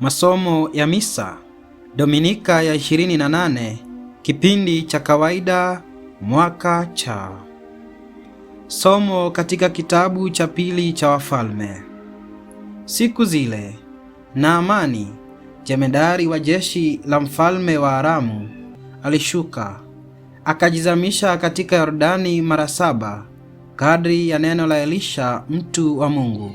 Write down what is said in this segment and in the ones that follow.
Masomo ya Misa, Dominika ya 28, kipindi cha kawaida, mwaka cha. Somo katika kitabu cha pili cha Wafalme. Siku zile Naamani jemedari wa jeshi la mfalme wa Aramu alishuka akajizamisha katika Yordani mara saba kadri ya neno la Elisha mtu wa Mungu.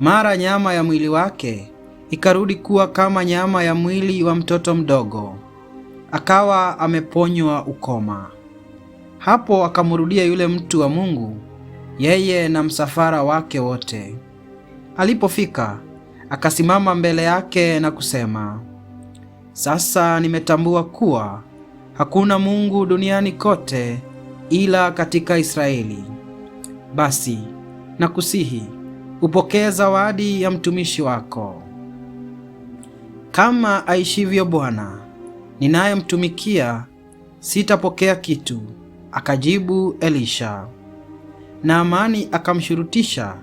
Mara nyama ya mwili wake ikarudi kuwa kama nyama ya mwili wa mtoto mdogo, akawa ameponywa ukoma. Hapo akamrudia yule mtu wa Mungu, yeye na msafara wake wote. Alipofika akasimama mbele yake na kusema, sasa nimetambua kuwa hakuna Mungu duniani kote ila katika Israeli. Basi nakusihi upokee zawadi ya mtumishi wako. Kama aishivyo Bwana ninayemtumikia, sitapokea kitu, akajibu Elisha. Naamani akamshurutisha,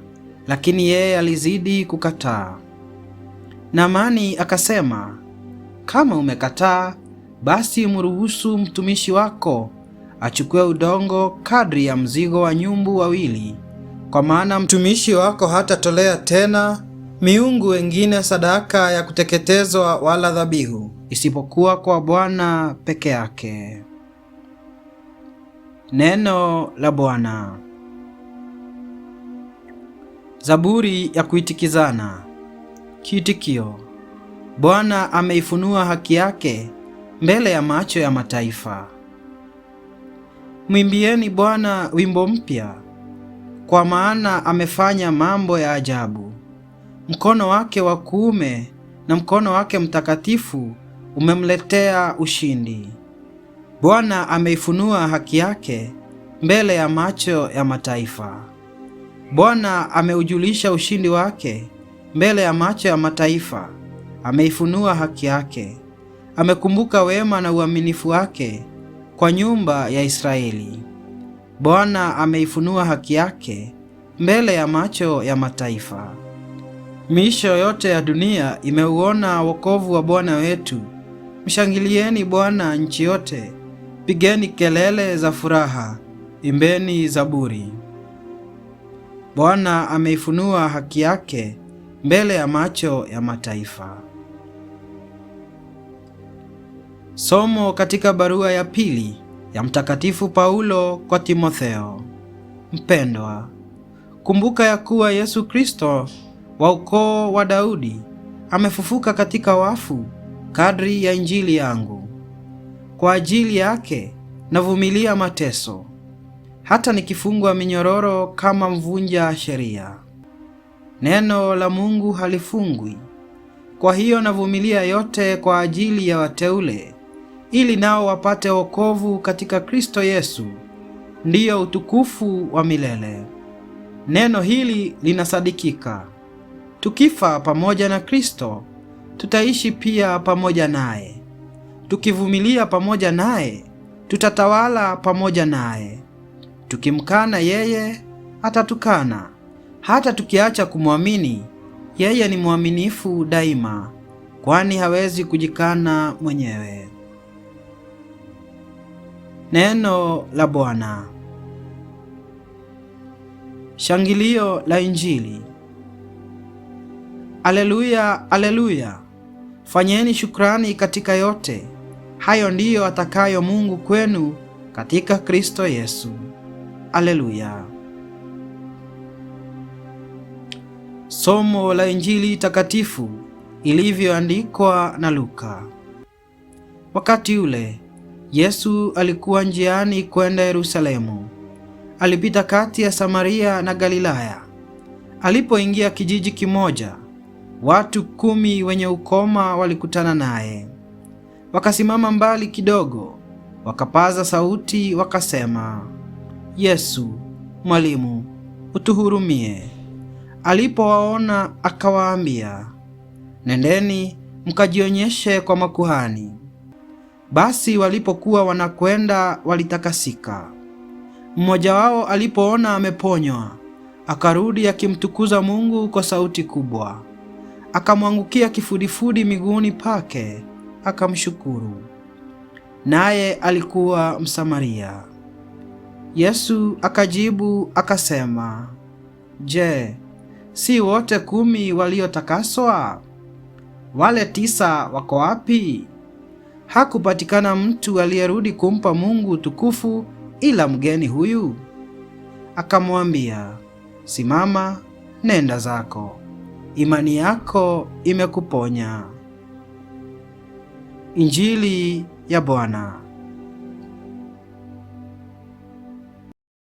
lakini yeye alizidi kukataa. Naamani akasema, kama umekataa, basi mruhusu mtumishi wako achukue udongo kadri ya mzigo wa nyumbu wawili, kwa maana mtumishi wako hatatolea tena miungu wengine sadaka ya kuteketezwa wala dhabihu, isipokuwa kwa Bwana peke yake. Neno la Bwana. Zaburi ya kuitikizana. Kiitikio: Bwana ameifunua haki yake mbele ya macho ya mataifa. Mwimbieni Bwana wimbo mpya, kwa maana amefanya mambo ya ajabu mkono wake wa kuume na mkono wake mtakatifu umemletea ushindi. Bwana ameifunua haki yake mbele ya macho ya mataifa. Bwana ameujulisha ushindi wake mbele ya macho ya mataifa, ameifunua haki yake. Amekumbuka wema na uaminifu wake kwa nyumba ya Israeli. Bwana ameifunua haki yake mbele ya macho ya mataifa. Miisho yote ya dunia imeuona wokovu wa Bwana wetu. Mshangilieni Bwana nchi yote, pigeni kelele za furaha, imbeni zaburi. Bwana ameifunua haki yake mbele ya macho ya mataifa. Somo katika barua ya pili ya Mtakatifu Paulo kwa Timotheo. Mpendwa, kumbuka ya kuwa Yesu Kristo wa ukoo wa Daudi amefufuka katika wafu, kadri ya injili yangu. Kwa ajili yake navumilia mateso, hata nikifungwa minyororo kama mvunja sheria. Neno la Mungu halifungwi. Kwa hiyo navumilia yote kwa ajili ya wateule, ili nao wapate wokovu katika Kristo Yesu, ndiyo utukufu wa milele. Neno hili linasadikika. Tukifa pamoja na Kristo, tutaishi pia pamoja naye. Tukivumilia pamoja naye, tutatawala pamoja naye. Tukimkana yeye, atatukana. Hata tukiacha kumwamini, yeye ni mwaminifu daima, kwani hawezi kujikana mwenyewe. Neno la Bwana. Shangilio la Injili. Aleluya, aleluya! Fanyeni shukrani katika yote hayo, ndiyo atakayo Mungu kwenu katika Kristo Yesu. Aleluya. Somo la Injili takatifu ilivyoandikwa na Luka. Wakati ule Yesu alikuwa njiani kwenda Yerusalemu. Alipita kati ya Samaria na Galilaya. Alipoingia kijiji kimoja Watu kumi wenye ukoma walikutana naye, wakasimama mbali kidogo, wakapaza sauti wakasema, Yesu Mwalimu, utuhurumie. Alipowaona akawaambia, nendeni mkajionyeshe kwa makuhani. Basi walipokuwa wanakwenda walitakasika. Mmoja wao alipoona ameponywa, akarudi akimtukuza Mungu kwa sauti kubwa akamwangukia kifudifudi miguuni pake akamshukuru, naye alikuwa Msamaria. Yesu akajibu akasema, Je, si wote kumi waliotakaswa? Wale tisa wako wapi? Hakupatikana mtu aliyerudi kumpa Mungu tukufu ila mgeni huyu. Akamwambia, simama, nenda zako, imani yako imekuponya. Injili ya Bwana.